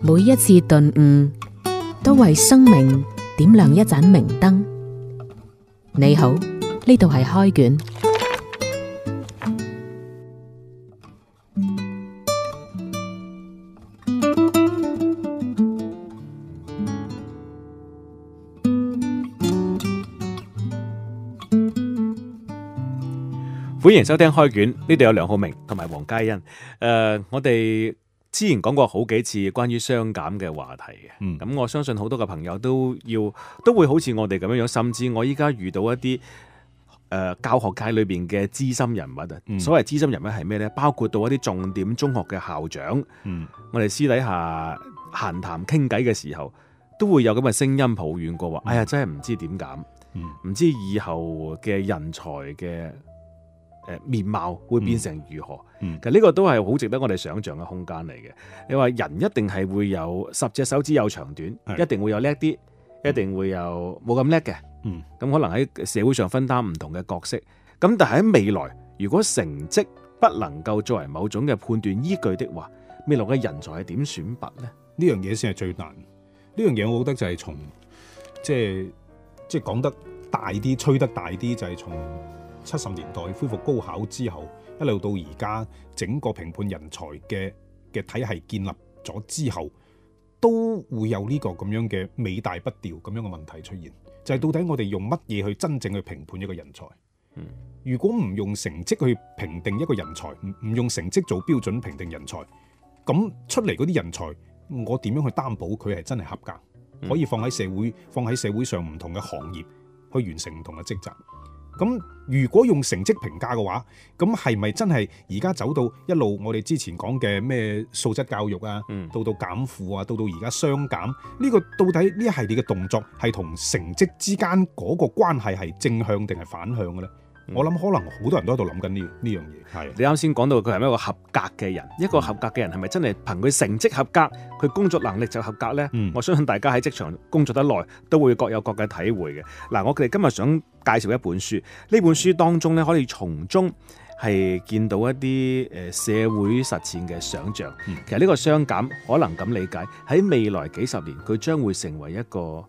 每一次頓悟，都為生命點亮一盞明燈。你好，呢度係開卷。歡迎收聽開卷，呢度有梁浩明同埋黃佳欣。誒，我哋。之前講過好幾次關於雙減嘅話題嘅。咁、嗯、我相信好多嘅朋友都要都會好似我哋咁樣樣，甚至我依家遇到一啲誒、呃、教學界裏邊嘅資深人物啊，嗯、所謂資深人物係咩呢？包括到一啲重點中學嘅校長，嗯、我哋私底下閒談傾偈嘅時候，都會有咁嘅聲音抱怨過話，嗯、哎呀，真係唔知點減，唔、嗯、知以後嘅人才嘅。面貌會變成如何？嗯嗯、其實呢個都係好值得我哋想象嘅空間嚟嘅。你話人一定係會有十隻手指有長短，是一定會有叻啲，嗯、一定會有冇咁叻嘅。咁、嗯、可能喺社會上分擔唔同嘅角色。咁但係喺未來，如果成績不能夠作為某種嘅判斷依據的話，未來嘅人才係點選拔呢？呢樣嘢先係最難。呢樣嘢我覺得就係從即係即係講得大啲、吹得大啲，就係從。七十年代恢復高考之後，一路到而家，整個評判人才嘅嘅體系建立咗之後，都會有呢個咁樣嘅尾大不掉咁樣嘅問題出現。就係到底我哋用乜嘢去真正去評判一個人才？如果唔用成績去評定一個人才，唔用成績做標準評定人才，咁出嚟嗰啲人才，我點樣去擔保佢係真係合格，可以放喺社會放喺社會上唔同嘅行業去完成唔同嘅職責？咁如果用成績評價嘅話，咁係咪真係而家走到一路我哋之前講嘅咩素質教育啊，嗯、到到減負啊，到到而家雙減呢個到底呢系列嘅動作係同成績之間嗰個關係係正向定係反向嘅呢？嗯、我諗可能好多人都喺度諗緊呢呢樣嘢。你啱先講到佢係一個合格嘅人，嗯、一個合格嘅人係咪真係憑佢成績合格，佢工作能力就合格呢？嗯、我相信大家喺職場工作得耐都會各有各嘅體會嘅。嗱，我哋今日想。介紹一本書，呢本書當中咧，可以從中係見到一啲誒社會實踐嘅想象。嗯、其實呢個傷感可能咁理解，喺未來幾十年，佢將會成為一個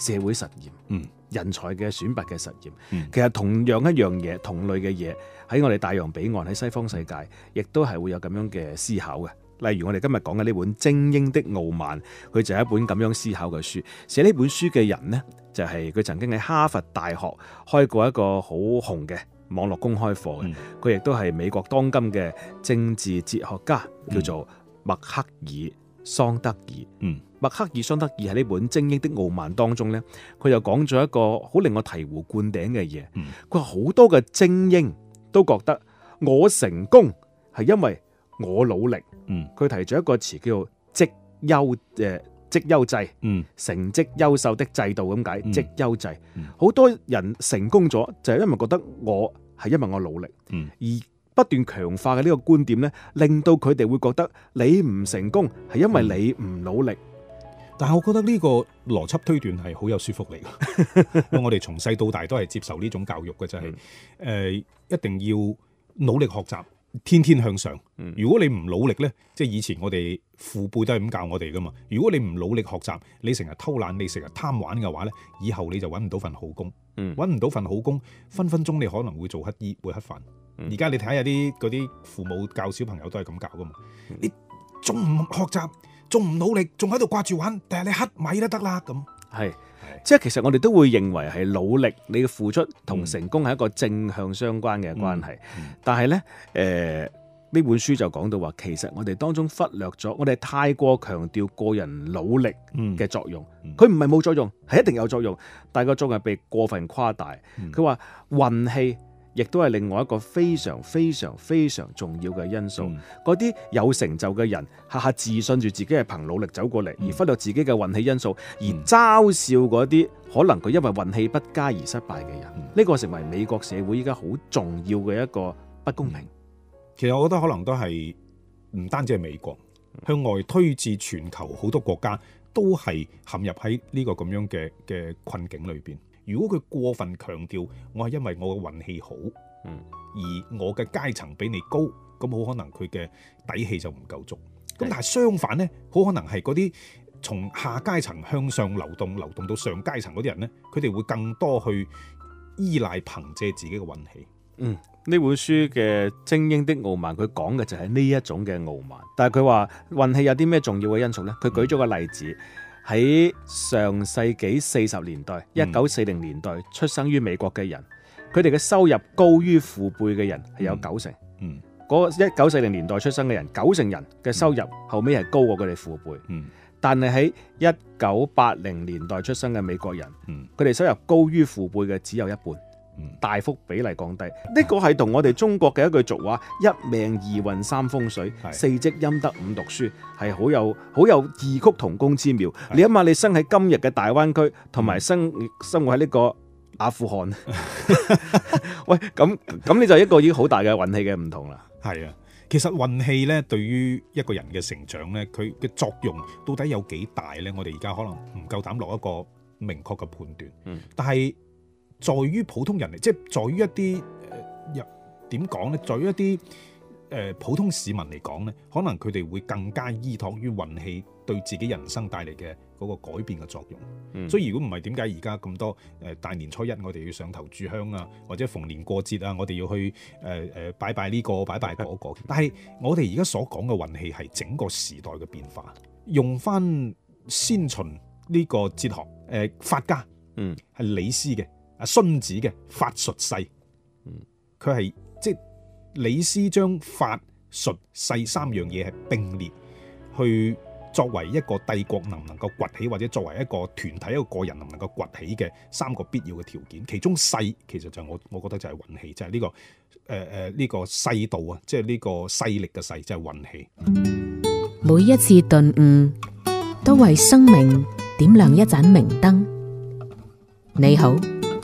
社會實驗，嗯、人才嘅選拔嘅實驗。嗯、其實同樣一樣嘢，同類嘅嘢，喺我哋大洋彼岸，喺西方世界，亦都係會有咁樣嘅思考嘅。例如我哋今日講嘅呢本《精英的傲慢》，佢就係一本咁樣思考嘅書。寫呢本書嘅人呢。就係佢曾經喺哈佛大學開過一個好紅嘅網絡公開課，佢亦都係美國當今嘅政治哲學家，嗯，叫做麥克爾桑德爾。嗯，麥克爾桑德爾喺呢本《精英的傲慢》當中呢，佢又講咗一個好令我醍醐灌頂嘅嘢。嗯，佢話好多嘅精英都覺得我成功係因為我努力。嗯，佢提咗一個詞叫做職優嘅。績優制，嗯、成績優秀的制度咁解，績優制，好、嗯嗯、多人成功咗就係、是、因為覺得我係因為我努力，嗯、而不斷強化嘅呢個觀點呢，令到佢哋會覺得你唔成功係因為你唔努力。嗯、但係我覺得呢個邏輯推斷係好有說服力， 我哋從細到大都係接受呢種教育嘅，就係、是、誒、嗯呃、一定要努力學習。天天向上。如果你唔努力呢，即係以前我哋父輩都係咁教我哋噶嘛。如果你唔努力學習，你成日偷懶，你成日貪玩嘅話呢，以後你就揾唔到份好工，嗯、揾唔到份好工，分分鐘你可能會做乞衣，會乞飯。而家、嗯、你睇下啲嗰啲父母教小朋友都係咁教噶嘛。你仲唔學習，仲唔努力，仲喺度掛住玩，定係你乞米都得啦咁。即係其實我哋都會認為係努力你嘅付出同成功係一個正向相關嘅關係，嗯嗯、但係咧，誒、呃、呢本書就講到話，其實我哋當中忽略咗，我哋太過強調個人努力嘅作用，佢唔係冇作用，係一定有作用，但個作用被過分誇大。佢話運氣。亦都係另外一個非常非常非常重要嘅因素。嗰啲、嗯、有成就嘅人，下下自信住自己係憑努力走過嚟，嗯、而忽略自己嘅運氣因素，嗯、而嘲笑嗰啲可能佢因為運氣不佳而失敗嘅人。呢、嗯、個成為美國社會依家好重要嘅一個不公平。其實我覺得可能都係唔單止係美國、嗯、向外推至全球好多國家，都係陷入喺呢個咁樣嘅嘅困境裏邊。如果佢過分強調我係因為我嘅運氣好，嗯，而我嘅階層比你高，咁好可能佢嘅底氣就唔夠足。咁、嗯、但係相反呢，好可能係嗰啲從下階層向上流動、流動到上階層嗰啲人呢，佢哋會更多去依賴憑借自己嘅運氣。嗯，呢本書嘅《精英的傲慢》，佢講嘅就係呢一種嘅傲慢。但係佢話運氣有啲咩重要嘅因素呢？佢舉咗個例子。嗯喺上世紀四十年代，一九四零年代、嗯、出生於美國嘅人，佢哋嘅收入高於父輩嘅人係有九成。嗯，嗰一九四零年代出生嘅人，九成人嘅收入後尾係高過佢哋父輩。嗯，但係喺一九八零年代出生嘅美國人，佢哋、嗯、收入高於父輩嘅只有一半。嗯、大幅比例降低，呢個係同我哋中國嘅一句俗話：一命二運三風水，的四積陰德五讀書，係好有好有異曲同工之妙。是的你諗下，你生喺今日嘅大灣區，同埋生、嗯、生活喺呢個阿富汗， 喂，咁咁你就一個已經好大嘅運氣嘅唔同啦。係啊，其實運氣呢對於一個人嘅成長呢，佢嘅作用到底有幾大呢？我哋而家可能唔夠膽落一個明確嘅判斷。嗯，但係。在於普通人嚟，即係在於一啲誒入點講咧，在於一啲誒、呃、普通市民嚟講咧，可能佢哋會更加依託於運氣對自己人生帶嚟嘅嗰個改變嘅作用。嗯、所以如果唔係點解而家咁多誒、呃、大年初一我哋要上頭柱香啊，或者逢年過節啊，我哋要去誒誒、呃呃、拜拜呢、這個拜拜嗰、那個？是但係我哋而家所講嘅運氣係整個時代嘅變化，用翻先秦呢個哲學誒、呃、法家，嗯係李斯嘅。啊，孫子嘅法術勢，嗯，佢係即係李斯將法術勢三樣嘢係並列去作為一個帝國能唔能夠崛起，或者作為一個團體一個個人能唔能夠崛起嘅三個必要嘅條件。其中勢其實就我我覺得就係運氣，就係、是、呢、這個誒誒呢個世道啊，即係呢個勢力嘅勢，就係運氣。就是、每一次頓悟，都為生命點亮一盞明燈。你好。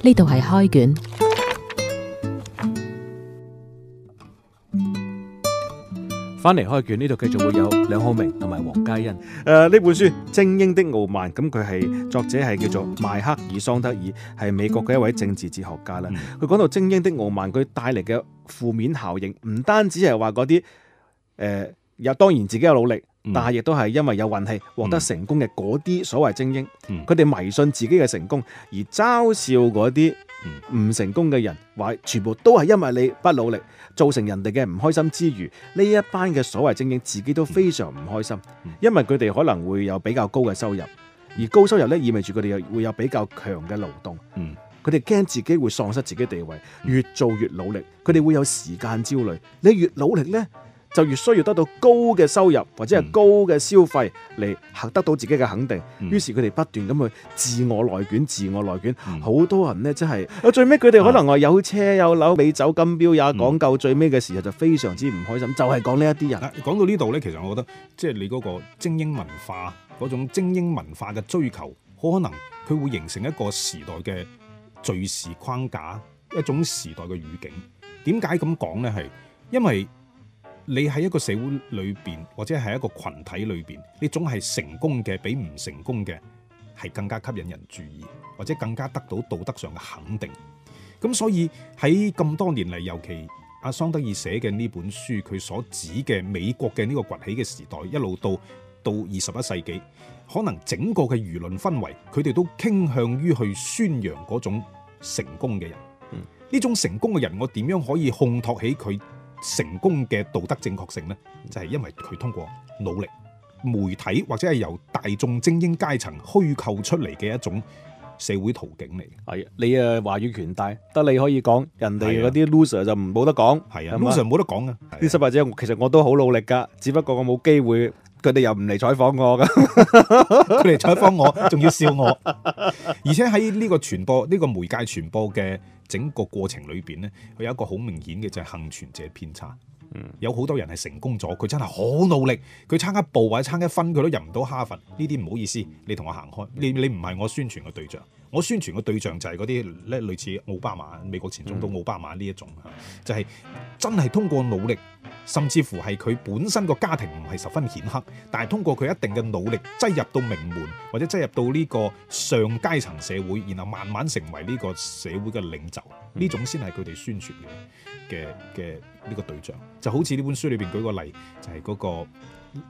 呢度係開卷，翻嚟開卷呢度繼續會有梁浩明同埋黃嘉欣。誒，呢、呃、本書《精英的傲慢》，咁佢係作者係叫做邁克爾桑德爾，係美國嘅一位政治哲學家啦。佢講、嗯、到精英的傲慢，佢帶嚟嘅負面效應，唔單止係話嗰啲，誒、呃，有當然自己有努力。但係亦都係因為有運氣獲得成功嘅嗰啲所謂精英，佢哋、嗯、迷信自己嘅成功，而嘲笑嗰啲唔成功嘅人，話全部都係因為你不努力，造成人哋嘅唔開心之餘，呢一班嘅所謂精英自己都非常唔開心，因為佢哋可能會有比較高嘅收入，而高收入呢意味住佢哋會有比較強嘅勞動，佢哋驚自己會喪失自己的地位，越做越努力，佢哋會有時間焦慮，你越努力呢就越需要得到高嘅收入，或者係高嘅消費嚟，肯、嗯、得到自己嘅肯定。於、嗯、是佢哋不斷咁去自我內卷，自我內卷。好、嗯、多人呢，即係啊，嗯、最尾佢哋可能話有車有樓美酒金錶也講究、嗯、最尾嘅時候就非常之唔開心，嗯、就係講呢一啲人。講到呢度呢，其實我覺得即係、就是、你嗰個精英文化嗰種精英文化嘅追求，好可能佢會形成一個時代嘅敘事框架，一種時代嘅語境。點解咁講呢？係因為。你喺一個社會裏面，或者係一個群體裏邊，你總係成功嘅比唔成功嘅係更加吸引人注意，或者更加得到道德上嘅肯定。咁所以喺咁多年嚟，尤其阿桑德爾寫嘅呢本書，佢所指嘅美國嘅呢個崛起嘅時代，一路到到二十一世紀，可能整個嘅輿論氛圍，佢哋都傾向於去宣揚嗰種成功嘅人。呢、嗯、種成功嘅人，我點樣可以烘托起佢？成功嘅道德正確性咧，就係、是、因為佢通過努力、媒體或者係由大眾精英階層虛構出嚟嘅一種社會途徑嚟嘅。係啊，你啊話語權大，得你可以講，人哋嗰啲 loser 就唔冇得講。係啊，loser 冇得講嘅，啲失敗者其實我都好努力㗎，只不過我冇機會，佢哋又唔嚟採訪我㗎，佢 嚟 採訪我仲要笑我，而且喺呢個傳播呢、呢個媒介傳播嘅。整個過程裏邊咧，佢有一個好明顯嘅就係幸存者偏差，mm. 有好多人係成功咗，佢真係好努力，佢差一步或者差一分佢都入唔到哈佛，呢啲唔好意思，你同我行開，你你唔係我宣傳嘅對象。我宣傳嘅對象就係嗰啲咧，類似奧巴馬美國前總統奧巴馬呢一種嚇，就係真係通過努力，甚至乎係佢本身個家庭唔係十分顯赫，但係通過佢一定嘅努力擠入到名門，或者擠入到呢個上階層社會，然後慢慢成為呢個社會嘅領袖，呢種先係佢哋宣傳嘅嘅嘅呢個對象。就好似呢本書裏邊舉個例，就係嗰個。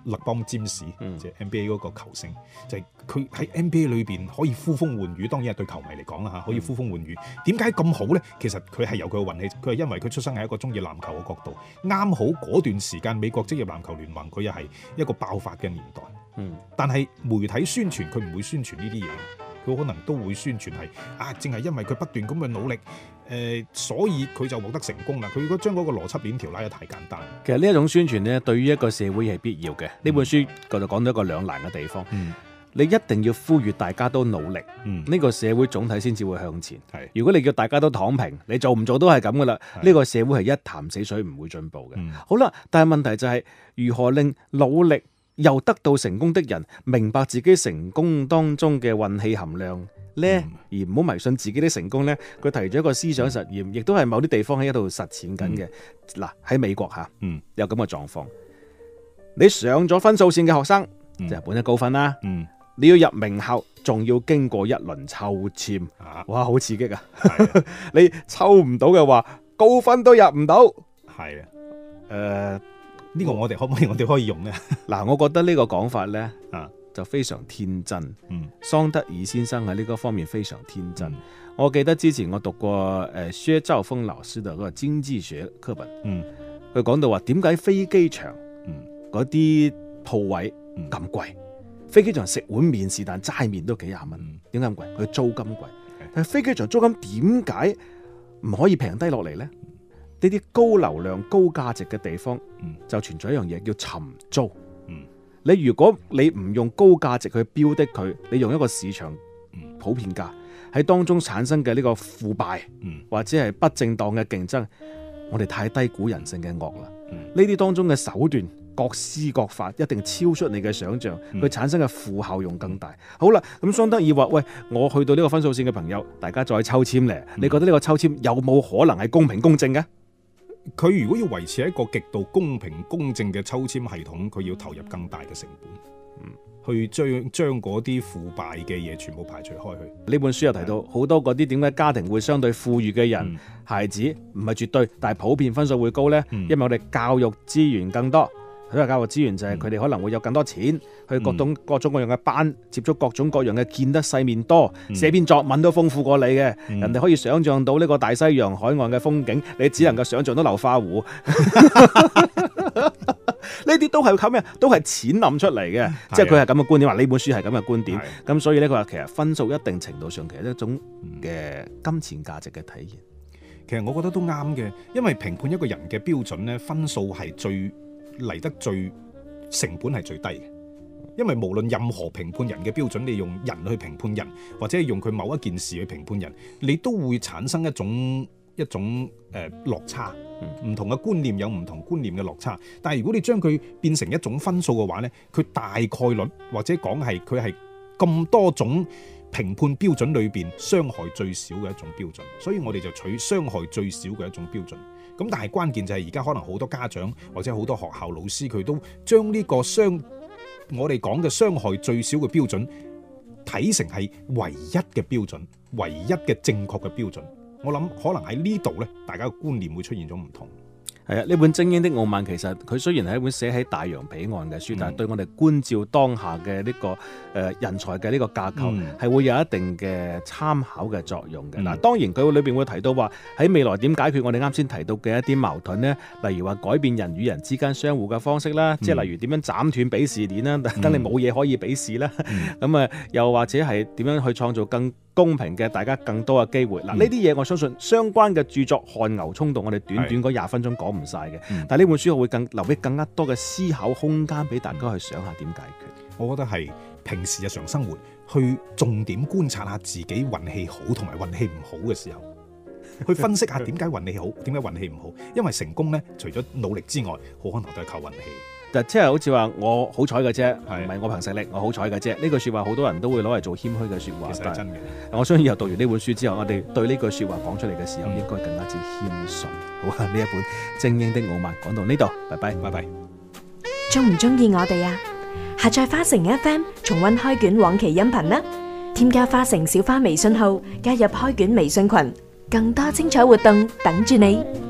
勒邦詹士即係 NBA 嗰個球星，嗯、就係佢喺 NBA 裏邊可以呼風喚雨，當然係對球迷嚟講啦吓，可以呼風喚雨。點解咁好咧？其實佢係有佢嘅運氣，佢係因為佢出生喺一個中意籃球嘅角度，啱好嗰段時間美國職業籃球聯盟佢又係一個爆發嘅年代。嗯，但係媒體宣傳佢唔會宣傳呢啲嘢。佢可能都會宣傳係啊，正係因為佢不斷咁嘅努力，誒、呃，所以佢就獲得成功啦。佢如果將嗰個邏輯鏈條拉得太簡單，其實呢一種宣傳咧，對於一個社會係必要嘅。呢、嗯、本書就講咗一個兩難嘅地方，嗯、你一定要呼籲大家都努力，呢、嗯、個社會總體先至會向前。係，如果你叫大家都躺平，你做唔做都係咁噶啦。呢、係、個社會係一潭死水不進，唔會進步嘅。好啦，但係問題就係如何令努力，又得到成功的人明白自己成功當中嘅運氣含量咧，嗯、而唔好迷信自己嘅成功呢，佢提咗一個思想實驗，亦都係某啲地方喺度實踐緊嘅。嗱、嗯，喺美國吓，嗯、有咁嘅狀況。你上咗分數線嘅學生，嗯、就本身高分啦，嗯、你要入名校仲要經過一輪抽簽，啊、哇，好刺激啊！的 你抽唔到嘅話，高分都入唔到。係啊的，誒。Uh, 呢個我哋可唔可以，我哋可以用咧？嗱、 啊，我覺得個呢個講法咧啊，就非常天真。嗯、桑德爾先生喺呢個方面非常天真。嗯、我記得之前我讀過誒、呃、薛兆豐老師嘅嗰個經濟學課本嗯，佢講到話點解飛機場嗯嗰啲鋪位咁貴？嗯嗯、飛機場食碗麵是但齋麵都幾廿蚊，點解咁貴？佢租金貴，但飛機場租金點解唔可以平低落嚟咧？呢啲高流量、高價值嘅地方，就存在一樣嘢叫尋租。你如果你唔用高價值去標的佢，你用一個市場普遍價喺當中產生嘅呢個腐敗，或者係不正當嘅競爭，我哋太低估人性嘅惡啦。呢啲當中嘅手段各施各法，一定超出你嘅想象，佢產生嘅負效用更大。好啦，咁相當於話，喂，我去到呢個分數線嘅朋友，大家再抽籤咧。你覺得呢個抽籤有冇可能係公平公正嘅？佢如果要維持一個極度公平公正嘅抽籤系統，佢要投入更大嘅成本，嗯，去將將嗰啲腐敗嘅嘢全部排除開去。呢本書又提到好多嗰啲點解家庭會相對富裕嘅人，嗯，孩子唔係絕對，但係普遍分數會高呢，因為我哋教育資源更多。佢話：教育資源就係佢哋可能會有更多錢去各種各種各樣嘅班，接觸各種各樣嘅見得世面多，寫篇作文都豐富過你嘅。人哋可以想像到呢個大西洋海岸嘅風景，你只能夠想像到流花湖。呢啲都係靠咩？都係錢諗出嚟嘅。即係佢係咁嘅觀點，話呢本書係咁嘅觀點。咁所以呢，佢話其實分數一定程度上其實一種嘅金錢價值嘅體現。其實我覺得都啱嘅，因為評判一個人嘅標準呢，分數係最。嚟得最成本係最低嘅，因為無論任何評判人嘅標準，你用人去評判人，或者用佢某一件事去評判人，你都會產生一種一種誒、呃、落差，唔、嗯、同嘅觀念有唔同觀念嘅落差。但係如果你將佢變成一種分數嘅話咧，佢大概率或者講係佢係咁多種評判標準裏邊傷害最少嘅一種標準，所以我哋就取傷害最少嘅一種標準。咁但係關鍵就係，而家可能好多家長或者好多學校老師，佢都將呢個傷，我哋講嘅傷害最少嘅標準睇成係唯一嘅標準，唯一嘅正確嘅標準。我諗可能喺呢度呢，大家嘅觀念會出現咗唔同。係啊，呢本《精英的傲慢》其實佢雖然係一本寫喺大洋彼岸嘅書，嗯、但係對我哋觀照當下嘅呢、這個、呃、人才嘅呢個架構係、嗯、會有一定嘅參考嘅作用嘅。嗱、嗯，當然佢裏面會提到話喺未來點解決我哋啱先提到嘅一啲矛盾呢，例如話改變人與人之間相互嘅方式啦，嗯、即係例如點樣斬斷鄙視鏈啦，嗯、等你冇嘢可以鄙視啦。咁啊、嗯， 又或者係點樣去創造更公平嘅大家更多嘅機會嗱，呢啲嘢我相信相關嘅著作汗牛充棟，我哋短短嗰廿分鐘講唔晒嘅。係嘅，嗯，但係呢本書我會更留俾更加多嘅思考空間俾大家去想下點解決。我覺得係平時日常生活去重點觀察下自己運氣好同埋運氣唔好嘅時候，去分析下點解運氣好，點解運氣唔好。因為成功咧，除咗努力之外，好可能都係靠運氣。即係好似話我好彩嘅啫，唔係我憑實力，我好彩嘅啫。呢句說話好多人都會攞嚟做謙虛嘅說話，真嘅，但係我相信以後讀完呢本書之後，我哋對呢句話說話講出嚟嘅時候，應該更加之謙遜。好啊，呢一本精英的傲慢講到呢度，拜拜，拜拜。中唔中意我哋啊？下載花城 FM 重溫開卷往期音頻呢，添加花城小花微信號，加入開卷微信群，更多精彩活動等住你。